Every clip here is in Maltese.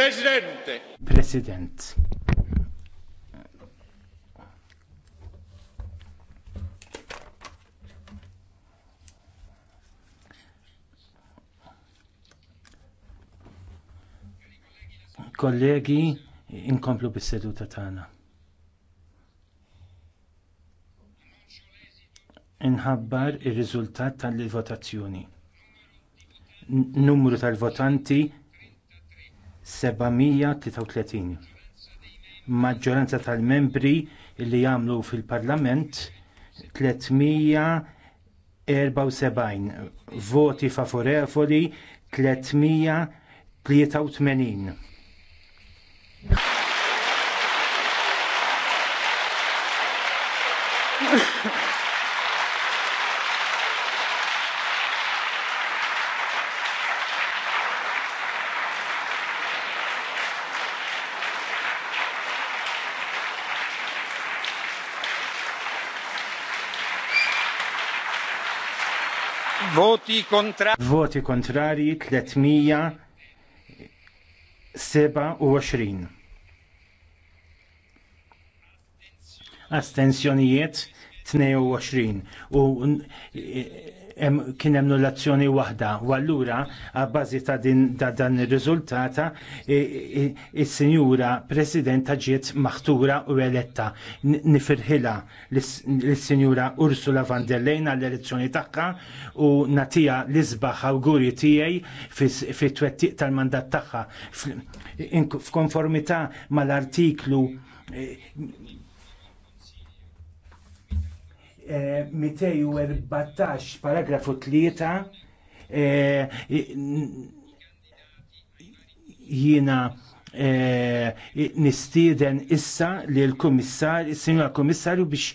Presidente. President. Kollegi, inkomplu bis-seduta tagħna. Inħabbar ir-riżultat tal-votazzjoni numru tal-votanti 733. Maġġoranza tal-membri li jagħmlu fil-Parlament 374 voti favorevoli 383 Voti kontra. Voti kontrari 327. Astenzjonijiet 22 u kien hemm nullazzjoni waħda u allura għabbażi ta' din dan ir-riżultata is-sinjura Presidenta ġiet maħtura u eletta nifirħila lis-sinjura Ursula van der Leyen għall-elezzjoni tagħha u natija l-isbaħ awguri tiegħi fit-twettiq tal-mandat tagħha f'konformità mal-artiklu eh, 214 paragrafu 3 jiena nistiden nistieden issa li l-komissar, il-sinjora komissarju biex,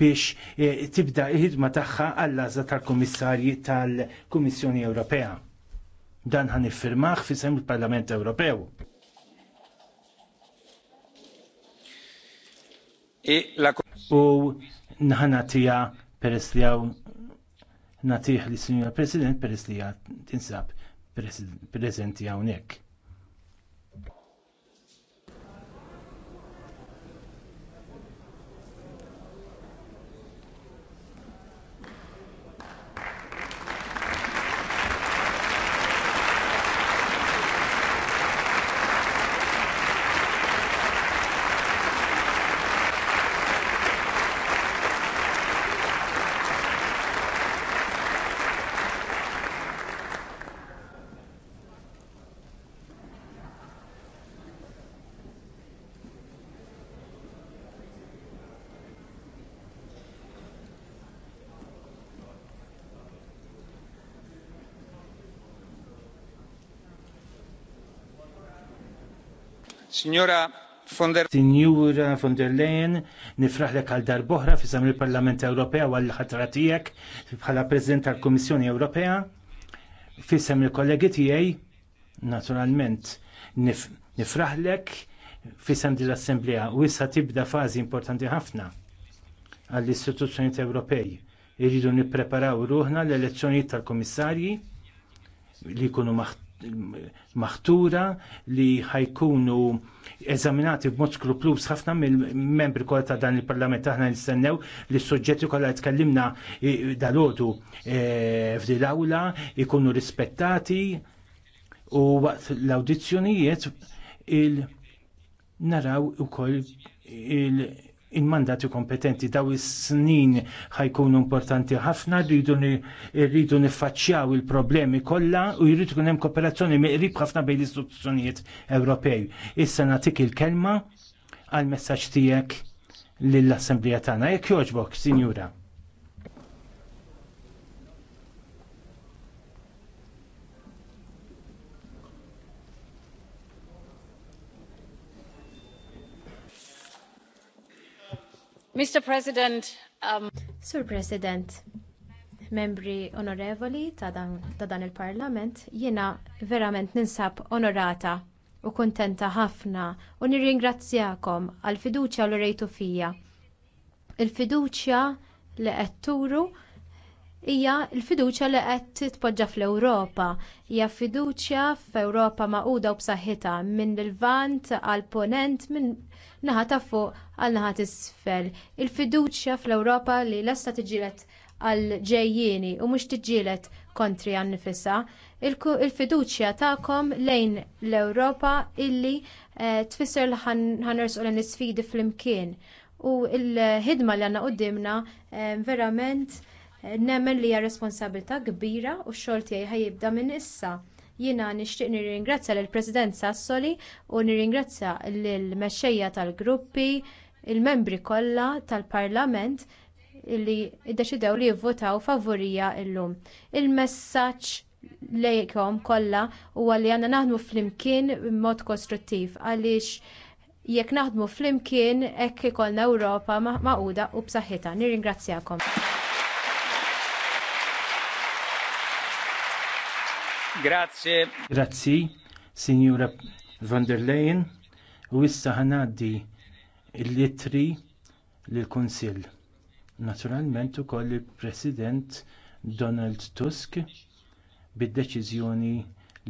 biex e, tibda il-ħidma tagħha għall-għażla tal-komissarji tal-Kummissjoni Ewropea. Dan ħan iffirmaħ fi sem il-Parlament Ewropew. E U naħanatija peress li għaw natiħ li Sinjor President peress li għat tinsab prezenti hawnhekk. Signora von der Signora von der Leyen, nifraħlek għal darboħra fi il-Parlament Ewropea għal ħatra tiegħek bħala President tal-Kummissjoni Ewropea fissem il-kollegi tiegħi naturalment nifraħ nifraħlek fissem din l-Assemblea u issa tibda fażi importanti ħafna għall istituzzjoni Ewropej. Irridu nippreparaw ruħna l-elezzjonijiet tal-komissarji li jkunu maħt maħtura li ħajkunu eżaminati b'mod skruplus ħafna mill-membri kollha ta' dan il-Parlament aħna nistennew li s-soġġetti kollha tkellimna eh, dal-għodu eh, f'din l-awla ikunu rispettati u waqt l-awdizzjonijiet il naraw ukoll il il-mandati kompetenti daw is-snin ħajkunu importanti ħafna rridu niffaċċjaw il-problemi kollha u jridu jkun hemm kooperazzjoni miqrib ħafna bejn l-istituzzjonijiet Ewropej. Issa nagħtik il-kelma għal messaġġ tiegħek lill-Assembleja tagħna. Jekk jogħġbok, Sinjura. Mr. President, um, Sur President, membri onorevoli ta' dan, il-Parlament, jiena verament ninsab onorata u kuntenta ħafna u nirringrazzjakom għall fiduċja li rejtu fija. Il-fiduċja li qed turu hija l-fiduċja li qed titpoġġa fl-Ewropa. Hija fiduċja f'Ewropa magħquda u b'saħħitha minn il-vant għal ponent minn naħa ta' fuq għal naħa isfel. Il-fiduċja fl-Ewropa li lesta tiġilet għal ġejjieni u mhux tiġilet kontri għan nifisa. Il-fiduċja tagħkom lejn l-Ewropa illi eh, tfisser li ħanersu l-nisfidi fl-imkien. U l-ħidma li għandna quddiemna eh, verament Nemmen li hija responsabilità kbira u x-xogħol tiegħi ħajibda minn issa. Jiena nixtieq nirringrazzja lill President Sassoli u nirringrazzja lill mexxejja tal-gruppi, il-membri kollha tal-Parlament li iddeċidew li jivvotaw favorija llum. Il-messaġġ lejkom kollha huwa li għandna naħdmu flimkien b'mod kostruttiv għaliex jekk naħdmu flimkien hekk ikollna Ewropa maquda u b'saħħitha. Nirringrazzjakom. Grazie. Grazzi, Signora von der Leyen, u issa ħanaddi il litri lill-Kunsill. Naturalment ukoll il-President Donald Tusk bid-deċiżjoni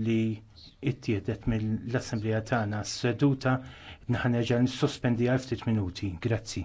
li ittieħdet mill assemblea tagħna s-seduta nħaneġa nissospendi għal ftit minuti. Grazzi.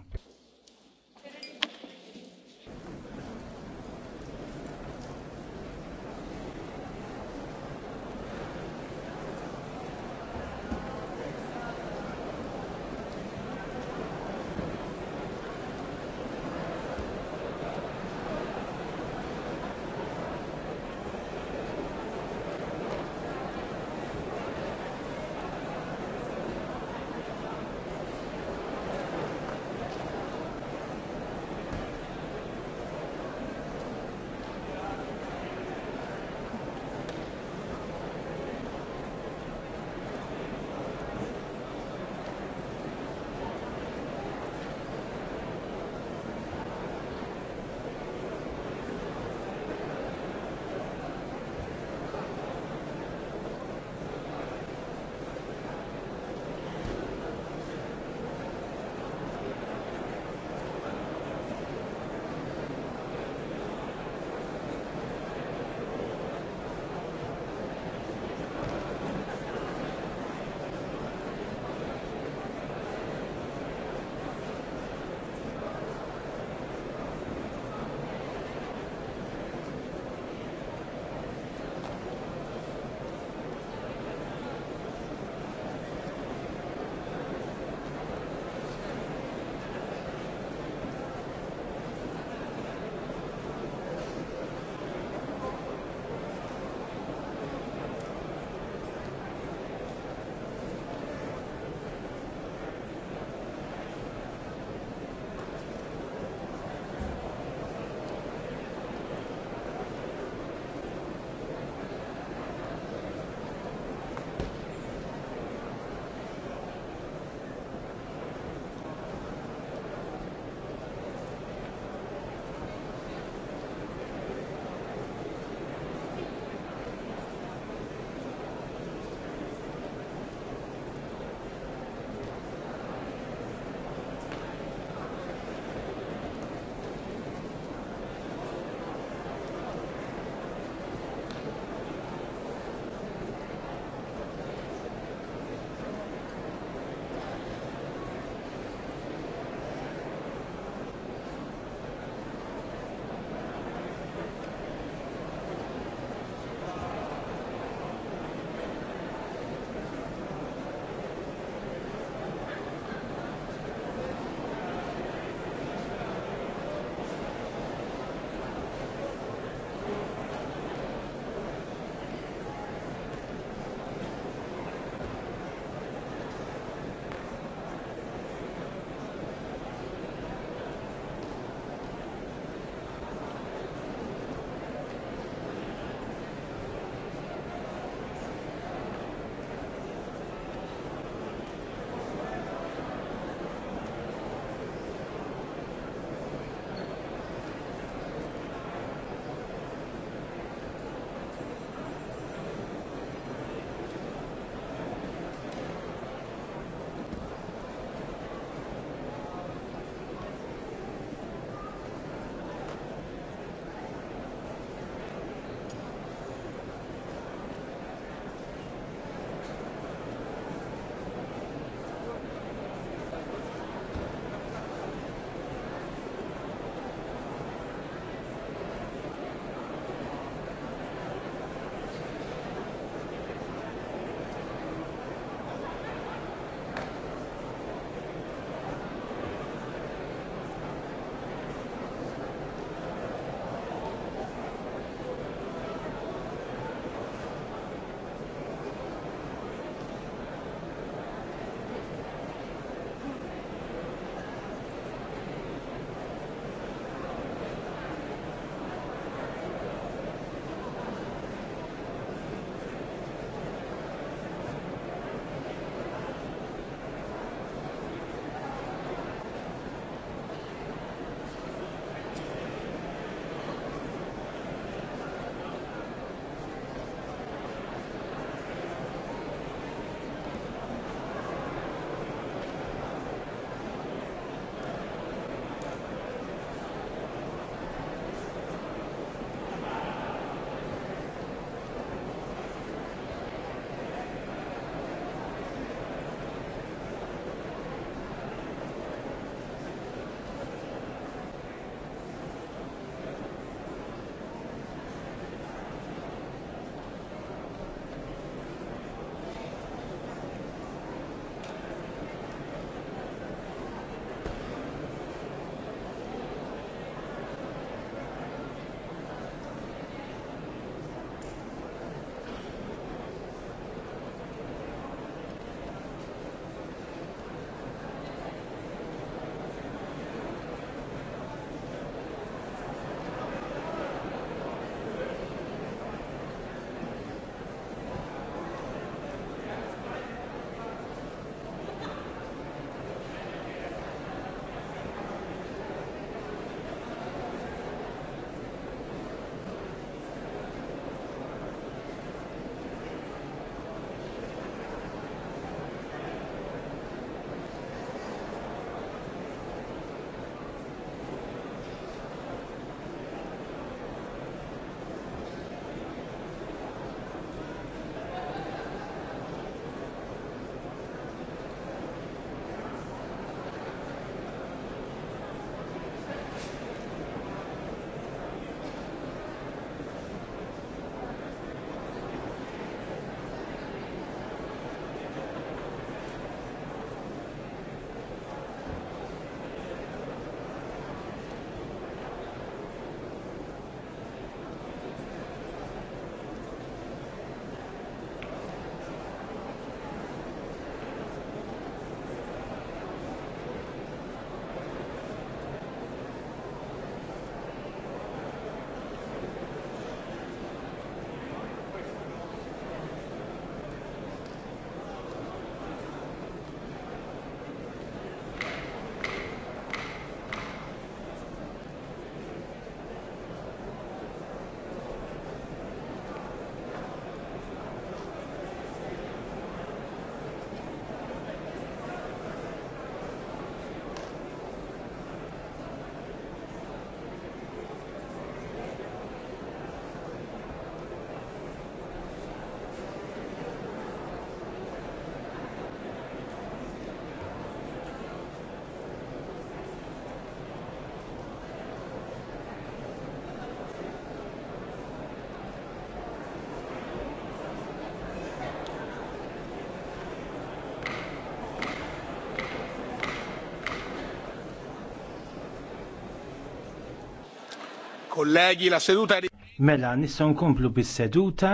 Kollegi, la seduta Mela, nissa nkomplu bis-seduta,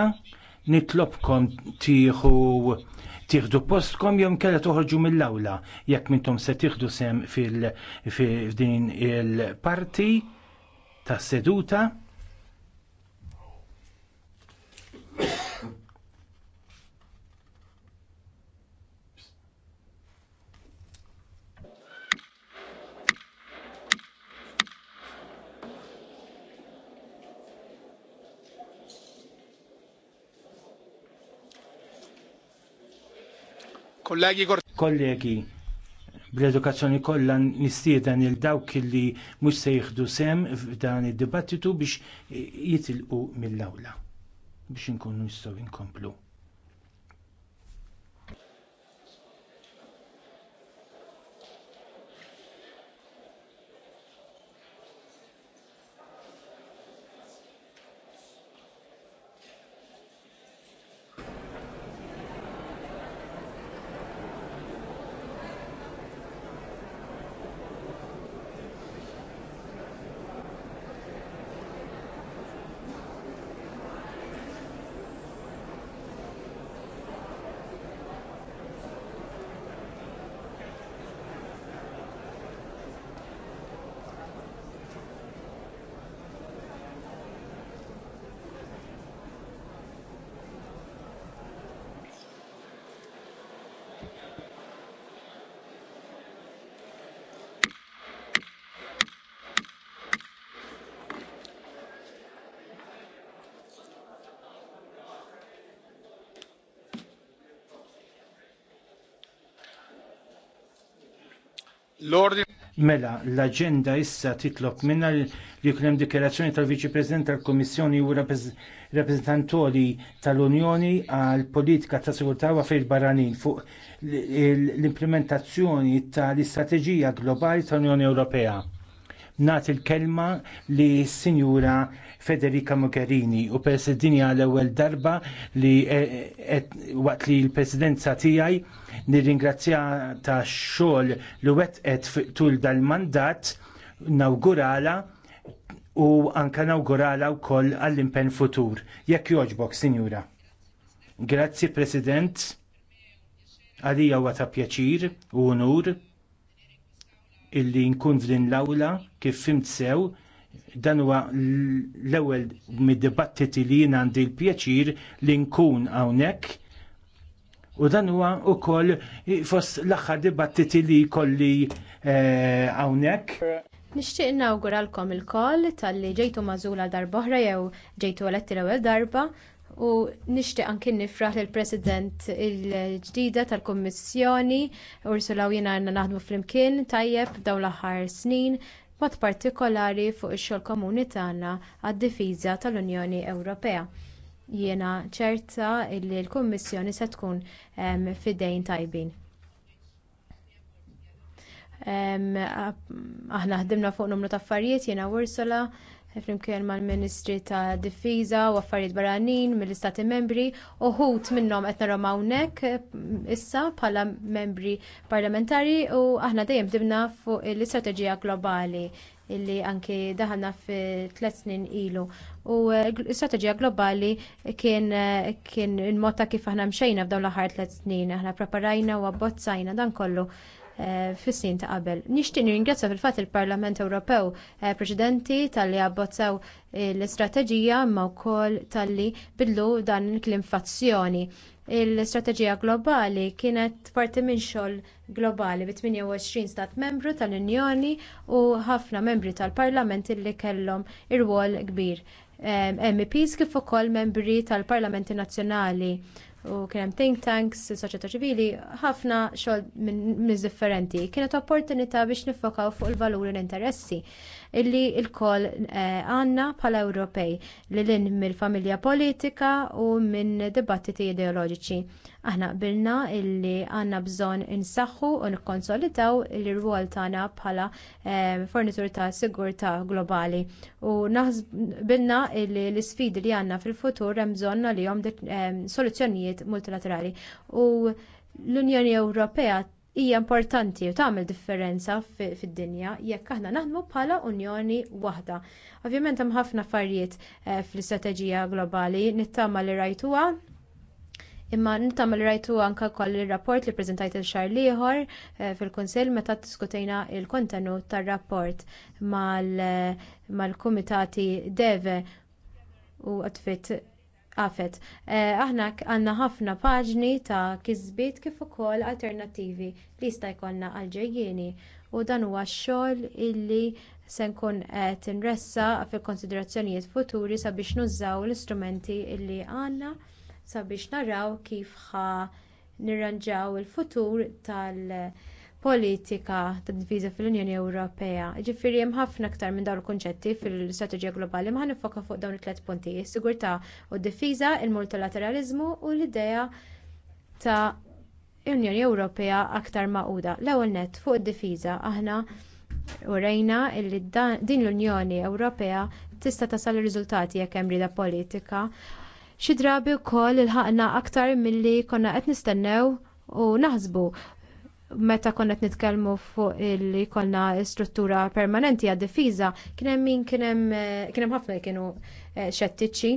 nitlobkom tieħu tieħdu postkom jom kella toħorġu mill-awla jekk mintom se tieħdu sem fil-din il-parti tas-seduta. Kollegi, kollegi, bl-edukazzjoni kollha nistieden il dawk li mhux se jieħdu sem f'dan id-dibattitu biex jitilqu mill-awla biex inkunu nistgħu inkomplu. L-ordin. Mela, l-agenda issa titlob minna li kunem dikjerazzjoni tal-Viċi President tal-Komissjoni u rappresentantoli tal-Unjoni għal politika ta' sigurtà u affarijiet barranin fuq l-implementazzjoni tal-istrateġija globali tal-Unjoni Ewropea nat il-kelma li s-Sinjura Federica Mogherini u pers dinja l-ewwel darba li e, e, waqt li l-presidenza tiegħi nirringrazzja ta' xogħol li wetqet tul dal-mandat nawgurala u anka nawgurala wkoll għall-impenn futur. Jekk jogħġbok, Sinjura. Grazzi President, għalija huwa ta' pjaċir u unur illi nkun f'din l-awla kif fimt sew dan huwa l-ewwel mid-dibattiti li jien għandi l-pjaċir li nkun hawnhekk u dan huwa wkoll fost l-aħħar dibattiti li jkolli eh, hawnhekk. Nixtieq inawguralkom il-koll tal-li ġejtu għal darba oħra jew ġejtu għal l-ewwel darba u nixtieq anki nifraħ lill president il-ġdida tal-Kummissjoni Ursula u għandna naħdmu flimkien tajjeb dawn l-aħħar snin b'mod partikolari fuq ix-xogħol komuni tagħna għad-difiża tal-Unjoni Ewropea. Jiena ċerta li l-Kummissjoni se tkun ehm, fidejn tajbin. Ehm, aħna ħdimna fuq numru ta' affarijiet jiena Ursula flimkien mal-Ministri ta' Difiża u Affarijiet Barranin mill-Istati Membri wħud minnhom qed narhom hawnhekk eh, issa bħala membri parlamentari u aħna dejjem dibna fuq l-istrateġija globali illi anki daħalna fit tliet snin ilu. U eh, l-istrateġija globali kien eh, kien il-mod ta' kif aħna mxejna f'dawn l-aħħar tliet snin, aħna preparajna u abbozzajna dan kollu Eh, fis snin ta' qabel. Nixtieq ringrazzja fil-fatt il-Parlament Ewropew eh, preċedenti talli abbozzaw eh, l-istrateġija ma wkoll talli bidlu dan il-klim L-istrateġija globali kienet parti minn xogħol globali bi 28 stat membru tal-Unjoni u ħafna membri tal-Parlament illi kellhom ir kbir. MEPs kif ukoll membri tal-Parlamenti Nazzjonali u kien hemm think tanks, soċjetà ċivili, ħafna xogħol minn differenti. Kienet opportunità biex niffokaw fuq il-valuri u l-interessi illi il-koll eh, għanna bħala Ewropej li l-in mill-familja politika u minn dibattiti ideoloġiċi. Aħna qbilna illi għanna bżon insaxħu u nikkonsolidaw il-rwol tagħna bħala eh, fornitur ta' sigurtà globali u bilna illi l-sfidi li għanna fil-futur hemm bżonn għalihom eh, soluzzjonijiet multilaterali u l-Unjoni Ewropea hija importanti u tagħmel differenza fid-dinja jekk aħna naħdmu bħala Unjoni waħda. Ovvjament hemm ħafna affarijiet eh, fl-istrateġija globali nittama li rajtuha imma nittama li rajtuha anke wkoll ir-rapport li ppreżentajt il-xahar ieħor eh, fil-Kunsill meta ddiskutejna l kontenut tar-rapport eh, mal-Kumitati Deve u għatfit għafet. Eh, aħna għandna ħafna paġni ta' kisbiet kif ukoll alternattivi li jista' jkollna għal-ġejjieni u dan huwa x-xogħol illi se nkun qed inressa fil-konsiderazzjonijiet futuri sabiex nużaw l-istrumenti li għandna sabiex naraw kif ħa nirranġaw il-futur tal- politika ta' diviża fil-Unjoni Ewropea. Ġifieri hemm ħafna aktar minn dawn il-kunċetti fil-istrateġija globali ma nifoka fuq dawn it-tliet punti: is-sigurtà u d-difiża, il-multilateraliżmu u l-idea ta' Unjoni Ewropea aktar maquda. L-ewwel nett fuq id-difiża aħna urejna li din l-Unjoni Ewropea tista' tasal riżultati jekk hemm rieda politika. Xi drabi wkoll ilħaqna aktar milli konna qed nistennew u naħsbu meta konna qed nitkellmu fuq li jkollna struttura permanenti għad difiża kien hemm min kien hemm eh, ħafna li kienu eh, xettiċi.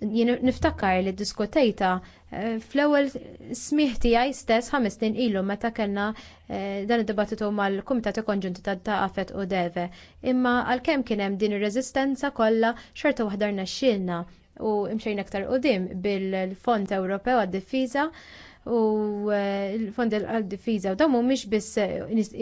Jien niftakar li ddiskutejta eh, fl-ewwel smih tiegħi stess ħames snin ilu meta kellna dan id-dibattitu mal-Kumitat Konġunti ta' Afet u Deve. Imma għalkemm kien hemm din ir-reżistenza kollha xorta waħda xilna u mxejn aktar qudiem bil-Fond Ewropew għad-Difiża u eh, l-fondi għal-difiża u dawn mhumiex biss eh,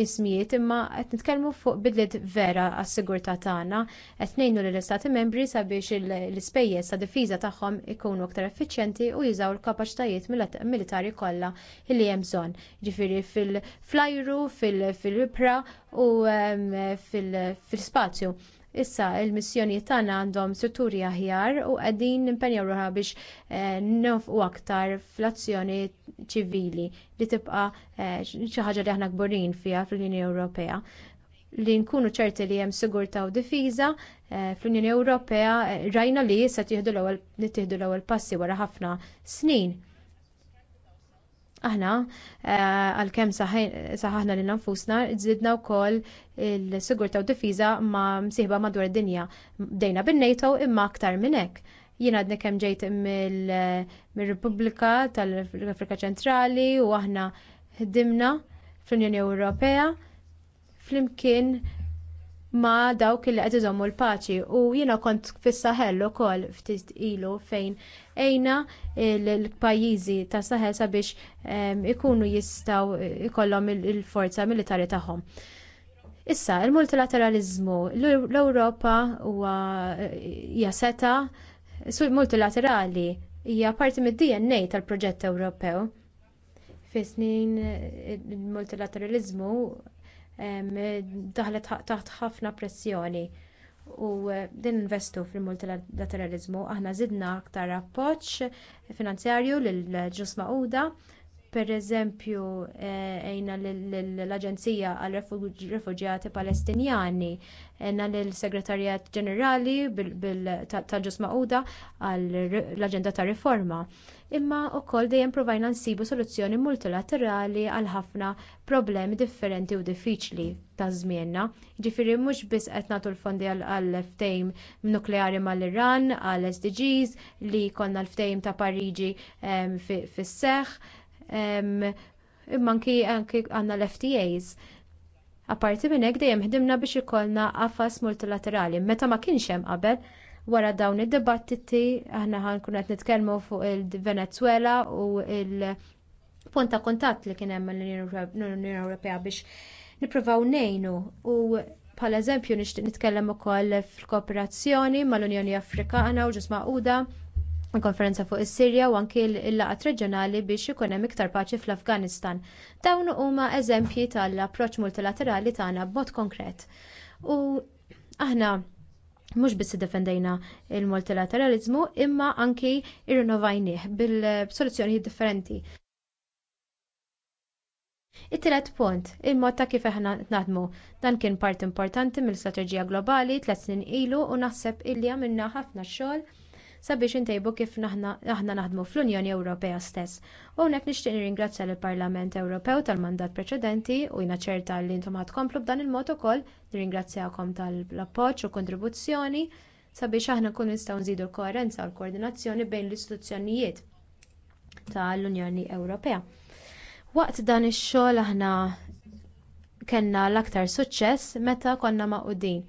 ismijiet imma qed nitkellmu fuq bidliet vera għas-sigurtà tagħna qed ngħinu lill-istati membri sabiex l-ispejjeż ta' difiża tagħhom ikunu aktar effiċjenti u jużaw il-kapaċitajiet militari kollha li hemm bżonn. jiġifieri fil flajru ehm, fil pra u fil spazju fil Issa il-missjoni tagħna għandhom strutturi aħjar u qegħdin nimpenjaw ruħha biex eh, nofqu aktar fl-azzjoni ċivili li tibqa' eh, xi ħaġa li aħna kburin fiha fl-Unjoni Ewropea li nkunu ċerti li hemm sigurtà u difiża eh, fl-Unjoni Ewropea eh, rajna li issa tieħdu nittieħdu l-ewwel passi wara ħafna snin. Aħna eh, għalkemm li lil nfusna u wkoll il-sigurtà u difiza ma' msieħba madwar id-dinja. Bdejna bin-NATO imma aktar minn hekk. Jien għadni kemm ġejt mill repubblika tal-Afrika Ċentrali u aħna ħdimna fl-Unjoni Ewropea flimkien ma' dawk li qed iżommu l-paċi u jiena kont fis-Saħel ukoll ftit ilu fejn ejna l-pajjiżi tas saħel sabiex ehm, ikunu jistgħu jkollhom il-forza militari tagħhom. Issa, il-multilateralizmu, l-Ewropa huwa hija seta multilaterali hija parti mid-DNA tal-proġett Ewropew. Fis-snin il-multilateralizmu ehm, daħlet taħt ħafna pressjoni u eh, din investu fil-multilateralizmu aħna żidna aktar appoġġ finanzjarju lil ġus Magħquda pereżempju għajna eh, lill-aġenzija għar-refuġjati palestinjani għejna lill-segretarjat ġenerali tal-ġnus magħquda għall-aġenda ta' riforma imma wkoll dejjem provajna nsibu soluzzjoni multilaterali għal ħafna problemi differenti u diffiċli ta' żmienna jiġifieri mhux biss qed nagħtu l-fondi għal ftehim nukleari mal-iran għall sdgs li jkollna l-ftehim ta' pariġi ehm, fis-seħħ imma anki għandna l-FTAs. Apparti minn hekk dejjem ħdimna biex ikollna qafas multilaterali. Meta ma kienx hemm qabel, wara dawn id-dibattiti aħna ħankun qed nitkellmu fuq il-Venezuela u il-punt ta' kuntatt li kien hemm l-Unjoni Ewropea biex nippruvaw ngħinu u bħala eżempju nixtieq nitkellem ukoll fil-kooperazzjoni mal-Unjoni Afrikana u ġisma' Uda konferenza fuq is-Sirja u anki l-laqat reġjonali biex ikun hemm iktar paċi fl-Afganistan. Dawn huma eżempji tal-approċċ multilaterali tagħna b'mod konkret. U aħna mhux biss defendejna il-multilateralizmu imma anki irrinnovajnieh bil-soluzzjonijiet differenti. It-tielet punt, il-mod ta' kif aħna naħdmu. Dan kien part importanti mill-strateġija globali tliet snin ilu u naħseb illi għamilna ħafna xogħol sabiex intejbu kif aħna naħdmu fl-Unjoni Ewropea stess. U hawnhekk nixtieq nirringrazzja lill Parlament Ewropew tal-mandat preċedenti u jna ċerta li intom ħadd tkomplu b'dan il-mod ukoll nirringrazzjakom tal-appoġġ u kontribuzzjoni sabiex aħna nkunu nistgħu nżidu l-koerenza u l-koordinazzjoni bejn l-istituzzjonijiet tal-Unjoni Ewropea. Waqt dan ix-xogħol aħna kellna l-aktar suċċess meta konna maqudin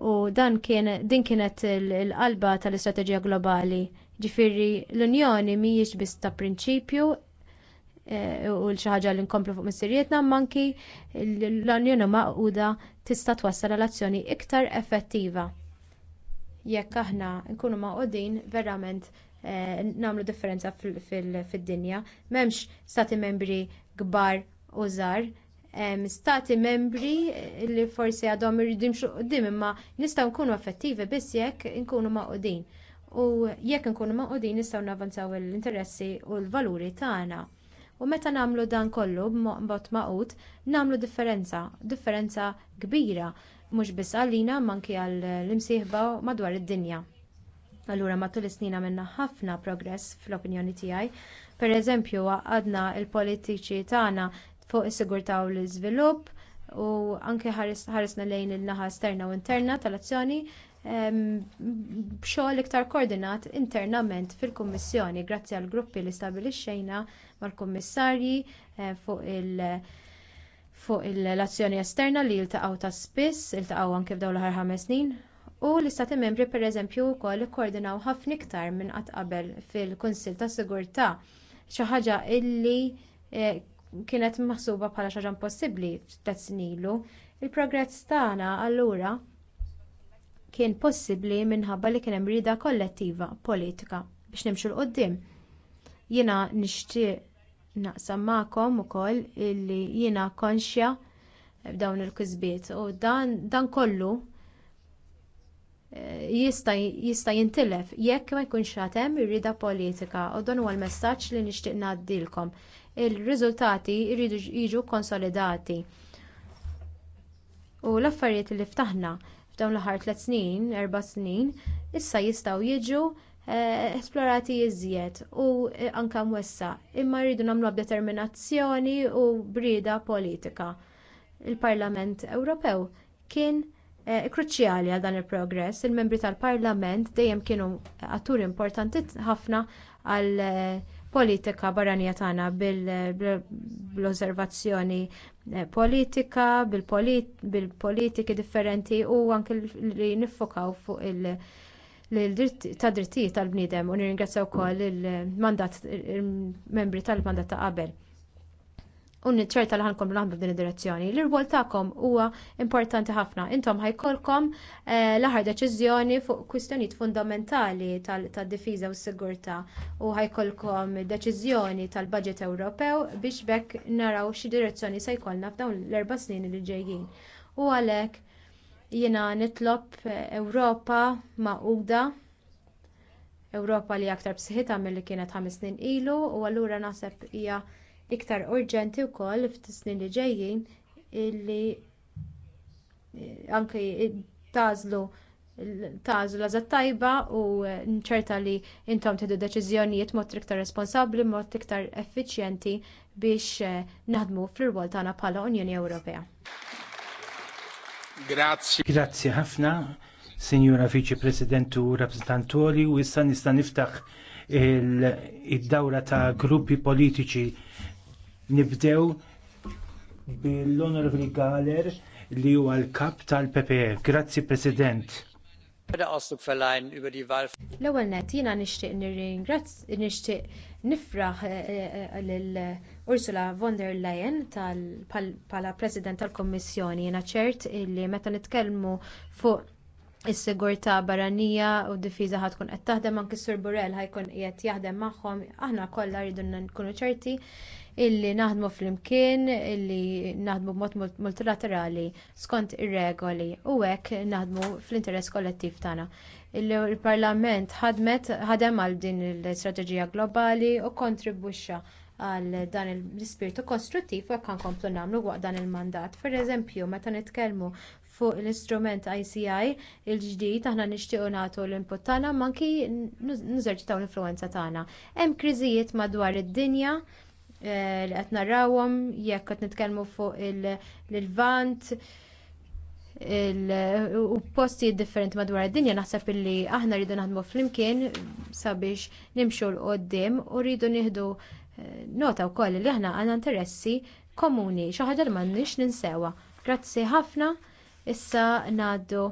U dan kien, din kienet l-qalba tal-istrateġija globali. Ġifiri l-Unjoni mhijiex biss ta' prinċipju eh, u l xi ħaġa li nkomplu fuq missirietna manki l-Unjoni maquda tista' twassal relazzjoni iktar effettiva. Jekk aħna nkunu maqudin verament eh, nagħmlu differenza fid-dinja, m'hemmx stati membri kbar u żgħar stati membri eh, li forsi għadhom irridu jimxu imma nistgħu nkunu effettivi biss jekk inkunu maqudin. U jekk inkunu maqudin nistgħu navanzaw l-interessi u l-valuri tagħna. U meta nagħmlu dan kollu b'mod maqut, nagħmlu differenza, differenza kbira, mhux biss għalina manki għall-imsieħba madwar id-dinja. Allura matul is-snin għamilna ħafna progress fl-opinjoni tiegħi. Pereżempju għadna l politiċi tagħna fuq is-sigurtà u l-iżvilupp u anke ħaresna lejn il-naħa esterna u interna tal-azzjoni b'xogħol iktar koordinat internament fil-Kummissjoni grazzi għall gruppi li stabbilixxejna mal-kummissarji eh, fuq il- fuq l-azzjoni esterna li jiltaqgħu ta' spiss, jiltaqgħu anke f'dawn l-aħħar ħames snin, u l-istati membri pereżempju wkoll ikkoordinaw ħafna iktar minn qatt qabel fil-Kunsill tas-Sigurtà xi ħaġa illi eh, kienet maħsuba bħala xi ħaġa impossibbli ftit snin ilu. Il-progress tagħna allura kien possibbli minħabba li kien hemm rieda kollettiva politika biex nimxu l qoddim Jiena nixtieq naqsam magħkom ukoll illi jiena konxja b'dawn il-kisbiet u dan kollu eh, jista' jintilef jekk ma jkunx hemm ir politika u dan huwa l-messaġġ li nixtieq ngħaddilkom ir-riżultati jridu jiġu konsolidati. u l-affarijiet li ftaħna f'dawn l-aħħar tliet snin erba' snin issa jistgħu jiġu eh, esplorati iżjed u eh, anke mwissa imma rridu nagħmluha b'determinazzjoni u brieda politika. Il-Parlament Ewropew kien eh, kruċjali għal dan il-progress, il-membri tal-Parlament dejjem kienu atturi importanti ħafna għal politika barranija tagħna bil-osservazzjoni eh, politika, bil-politiki differenti u anke li niffokaw fuq il- ta' drittijiet tal-bniedem u nirringrazzja wkoll il-mandat il-membri tal-mandat ta' qabel u niċċerta li ħankom naħdmu f'din id-direzzjoni. L-irwol tagħkom huwa importanti ħafna. Intom ħajkolkom eh, l-aħħar deċiżjoni fuq kwistjonijiet fundamentali tad-difiża u s-sigurtà u ħajkolkom deċiżjoni tal budget Ewropew biex bekk naraw xi direzzjoni se jkollna f'dawn l-erba' snin li ġejjin. U għalhekk jiena nitlob Ewropa maquda Ewropa li aktar bsħita milli kienet ħames snin ilu u allura naħseb hija iktar urġenti wkoll fis-snin li ġejjin illi eh, anki tagħżlu l eżatt tajba u nċerta li intom tieħdu deċiżjonijiet mod iktar responsabbli mod iktar effiċjenti biex eh, naħdmu fir-rwol tagħna bħala Unjoni Ewropea. Grazzi. Grazzi ħafna, Sinjura Viċi Presidentu Rappresentantoli, u issa nista' niftaħ il-dawra ta' gruppi politiċi Nibdew bil-Onorevoli Galer li huwa l-kap tal-PPE. Grazzi President. L-ewwel nett jiena nixtieq nirringrazz nixtieq nifraħ eh, eh, lil Ursula von der Leyen bħala President tal-Kummissjoni jiena ċert li meta nitkellmu fuq is-sigurtà barranija u d-difiża ħad tkun qed taħdem anki Sur Burrell ħajkun qiegħed jaħdem magħhom aħna kollha rridu nkunu ċerti illi naħdmu flimkien illi naħdmu b'mod multilaterali skont ir-regoli u hekk naħdmu fl-interess kollettiv tagħna. Il-Parlament ħadem għal din l-istrateġija globali u kontribwixxa għal dan l-ispirtu kostruttiv u hekk nkomplu nagħmlu waqt dan il-mandat. Pereżempju, meta nitkellmu fuq l-istrument ICI il-ġdid aħna nixtiequ nagħtu l-input tagħna manki nużerġitaw l-influenza tagħna. Hemm kriżijiet madwar id-dinja Eh, li qed narrawhom jekk qed nitkellmu fuq il-vant u posti differenti madwar id-dinja naħseb illi aħna rridu naħdmu flimkien sabiex nimxu l qoddim u rridu nieħdu eh, nota wkoll li aħna għandna interessi komuni xi ħaġa li m'għandniex ninsewha. Grazzi ħafna issa ngħaddu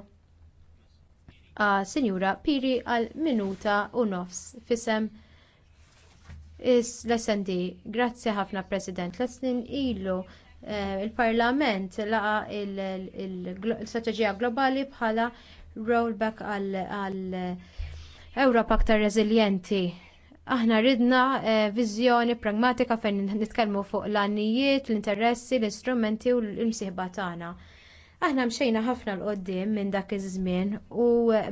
għas Sinjura Piri għal minuta u nofs fisem Is-SND, grazzi ħafna President, l-snin ilu eh, il-Parlament laqa l-strateġija globali bħala rollback għal Ewropa aktar reżiljenti. Aħna ridna eh, viżjoni pragmatika fejn nitkellmu fuq l-għannijiet, l-interessi, l-istrumenti u l-imsieħba tagħna. Aħna mxejna ħafna l-qoddim minn dak iż-żmien u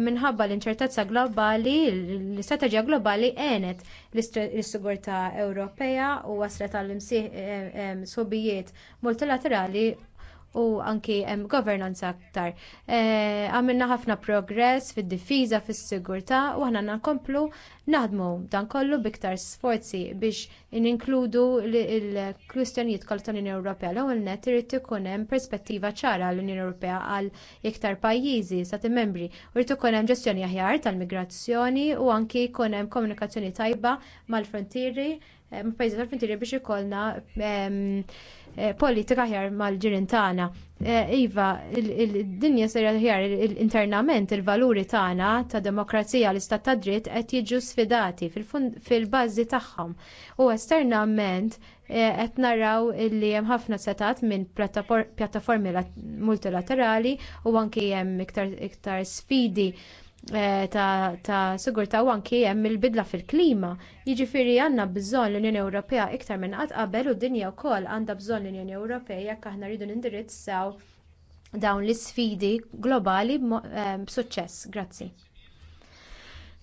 minħabba l-inċertezza globali, l-istrateġija globali għenet l-sigurtà Ewropea u waslet għall-imsieħ eh, eh, sobijiet multilaterali u anki hemm governanza aktar. E, għamilna e, ħafna progress fid-difiża, fis-sigurtà u aħna nkomplu naħdmu dan kollu biktar sforzi biex ninkludu l-kwistjonijiet kollha tal-Unjoni Ewropea. L-ewwel nett irid ikun hemm perspettiva ċara l-Unjoni Ewropea għal iktar pajjiżi stati membri u irid ikun hemm ġestjoni aħjar tal-migrazzjoni u anki jkun hemm komunikazzjoni tajba mal-frontieri Eh, ma' pajzi tal fintiri biex ikollna ehm, eh, politika ħjar mal-ġirin tagħna. Eh, iva, id-dinja sejra ħjar internament il-valuri tagħna ta' demokrazija l-istat ta' dritt qed jiġu sfidati fil-bażi tagħhom. U esternament qed naraw li hemm ħafna setat minn pjattaformi multilaterali u anki hemm iktar sfidi Eh, ta', ta sigurtà u anki hemm il-bidla fil-klima. Jiġifieri għandna bżonn l-Unjoni Ewropea iktar minn qatt qabel u d-dinja wkoll għandha bżonn l-Unjoni Ewropea jekk aħna rridu nindirizzaw dawn l-isfidi globali eh, b'suċċess. Grazzi.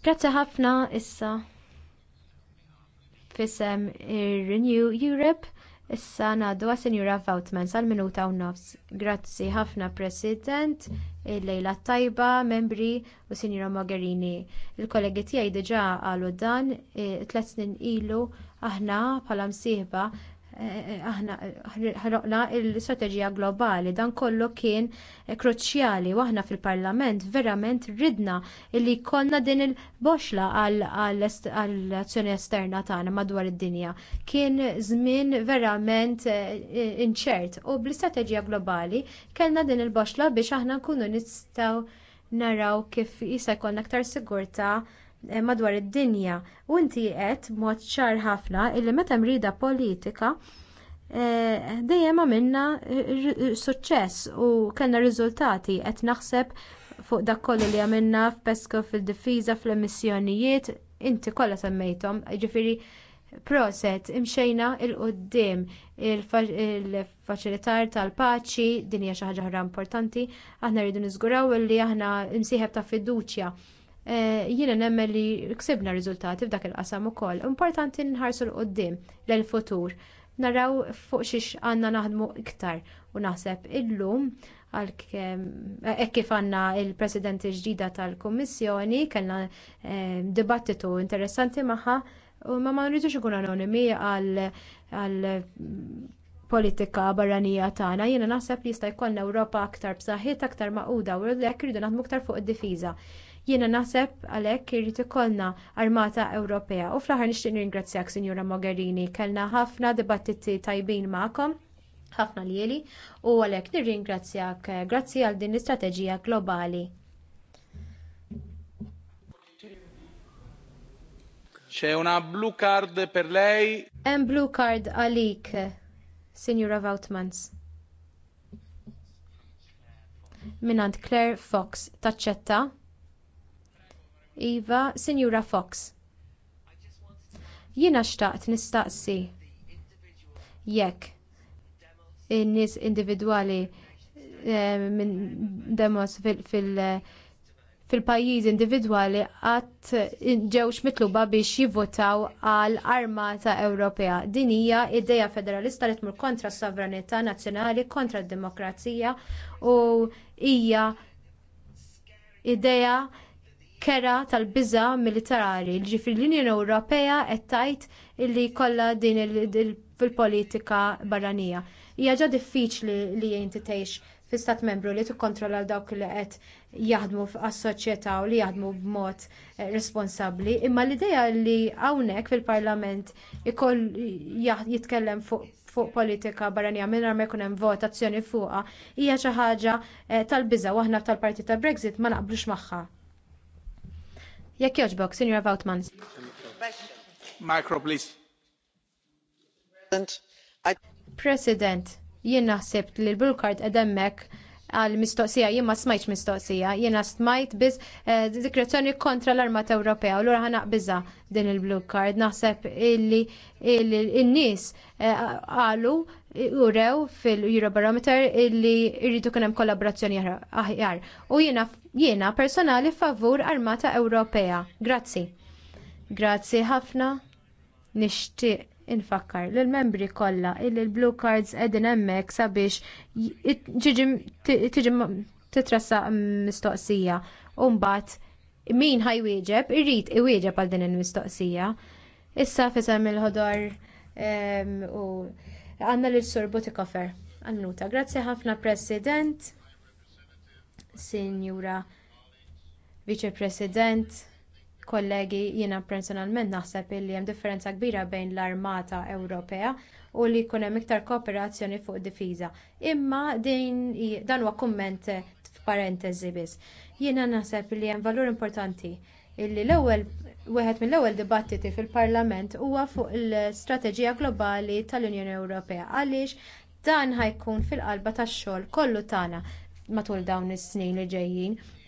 Grazzi ħafna issa fisem ir-Renew Europe. Issa ngħaddu għas Sinjura Vautman sal-minuta u nofs. Grazzi ħafna President, il-lejla tajba, membri u Sinjora Mogherini. Il-kollegi tiegħi diġà qalu dan eh, tliet snin ilu aħna bħala msieħba aħna ħroqna l-istrateġija globali dan kollu kien kruċjali u aħna fil-Parlament verament ridna li jkollna din il-boxla għall-azzjoni esterna tagħna madwar id-dinja. Kien żmien verament eh, inċert u bl-istrateġija globali kellna din il-boxla biex aħna nkunu nistgħu naraw kif jista' jkollna aktar sigurtà Eh, madwar id-dinja u inti qed b'mod ċar ħafna illi meta mrida politika eh, dejjem għamilna suċċess u kellna riżultati qed naħseb fuq dak kollu li għamilna f'pesco fil-difiża fl-emissjonijiet inti kollha semmejthom, jiġifieri proset imxejna il quddiem il-faċilitar tal-paċi din hija xi ħaġa importanti aħna rridu niżguraw li aħna imsieħeb ta' fiduċja Eh, jiena nemmen li ksibna riżultati f'dak il-qasam ukoll. Importanti nħarsu l qudiem l-futur. Naraw fuq xiex għandna naħdmu iktar u naħseb illum għal eh, kif għandna l president ġdida tal-Kummissjoni kellna eh, dibattitu interessanti magħha u ma ma nridux ikun anonimi għal politika barranija tagħna jiena naħseb li jista' jkollna Ewropa aktar b'saħħit aktar maquda u hekk rridu naħdmu aktar fuq id-difiża. Jiena naħseb għalhekk irrid ikollna armata Ewropea u fl-aħħar nixtieq nirringrazzjak Sinjura Mogherini kellna ħafna dibattiti tajbin magħkom ħafna lieli u għalhekk nirringrazzjak eh, grazzi għal din l-istrateġija globali. C'è una blue card per lei. Hemm blue card għalik, Signora Vautmans. Minant Claire Fox, taċċetta? Iva, Sinjura Fox. Jiena xtaqt nistaqsi. Jekk in-nies individwali eh, minn demos fil-pajjiż individwali qatt ġewx mitluba biex jivvotaw għal armata Ewropea. Din hija ideja federalista li tmur kontra s-sovranità nazzjonali, kontra d-demokrazija u hija ideja kera tal-biża' militari. Ġifri l-Unjoni Ewropea qed tgħid illi kollha din il-politika barranija. Hija ġa diffiċli li inti tgħix fi stat membru li tikkontrolla dawk li qed jaħdmu għas-soċjetà u li jaħdmu b'mod eh, responsabbli, imma l-idea li hawnhekk fil-Parlament ikoll jitkellem fuq politika barranija mingħajr ma jkun hemm votazzjoni fuqha hija xi ħaġa eh, tal-biża' aħna tal-Partit tal-Brexit ma naqblux magħha. Jekk jogħġbok, Sinjora Vautman. Micro, please. President, jien naħseb li l-Bulkard edemmek għal mistoqsija, jien ma smajtx mistoqsija, jiena smajt biss eh, dikrazzjoni kontra l armata Ewropea, u l-ura ħanaqbiza din il-blue card, naħseb illi n-nis eh, għalu urew fil-Eurobarometer illi irridu kunem kollaborazzjoni aħjar. U jiena jiena personali favur Armata Ewropea. Grazzi. Grazzi ħafna. Nixtieq infakkar lill membri kollha illi l-blue cards qegħdin hemmhekk sabiex tiġim titrassaq mistoqsija u mbagħad min irrit irrid iwieġeb għal din il-mistoqsija. Issa fisem il-ħodor ehm, u għandna lil sur Butikofer. Annuta, grazzi ħafna President, Sinjura Vice President, kollegi, jiena personalment naħseb li hemm differenza kbira bejn l-Armata Ewropea u li jkun hemm iktar kooperazzjoni fuq difiża. Imma din dan huwa kumment f'parentesi biss. Jiena naħseb li hemm valur importanti illi l-ewwel Wieħed mill-ewwel dibattiti fil-Parlament huwa fuq l-Strateġija Globali tal-Unjoni Ewropea għaliex dan ħajkun fil-qalba tax-xogħol kollu tagħna matul dawn is-snin li ġejjin.